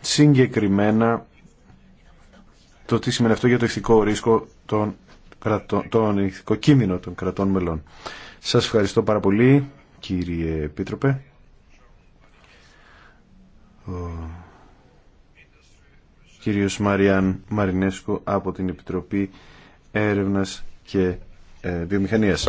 συγκεκριμένα το τι σημαίνει αυτό για το ηθικό ρίσκο των κρατών, τον ηθικό κίνδυνο των κρατών μελών. Σας ευχαριστώ πάρα πολύ κύριε Επίτροπε. κύριος Μαριάν Μαρινέσκο από την Επιτροπή Έρευνας και ε, Βιομηχανίας.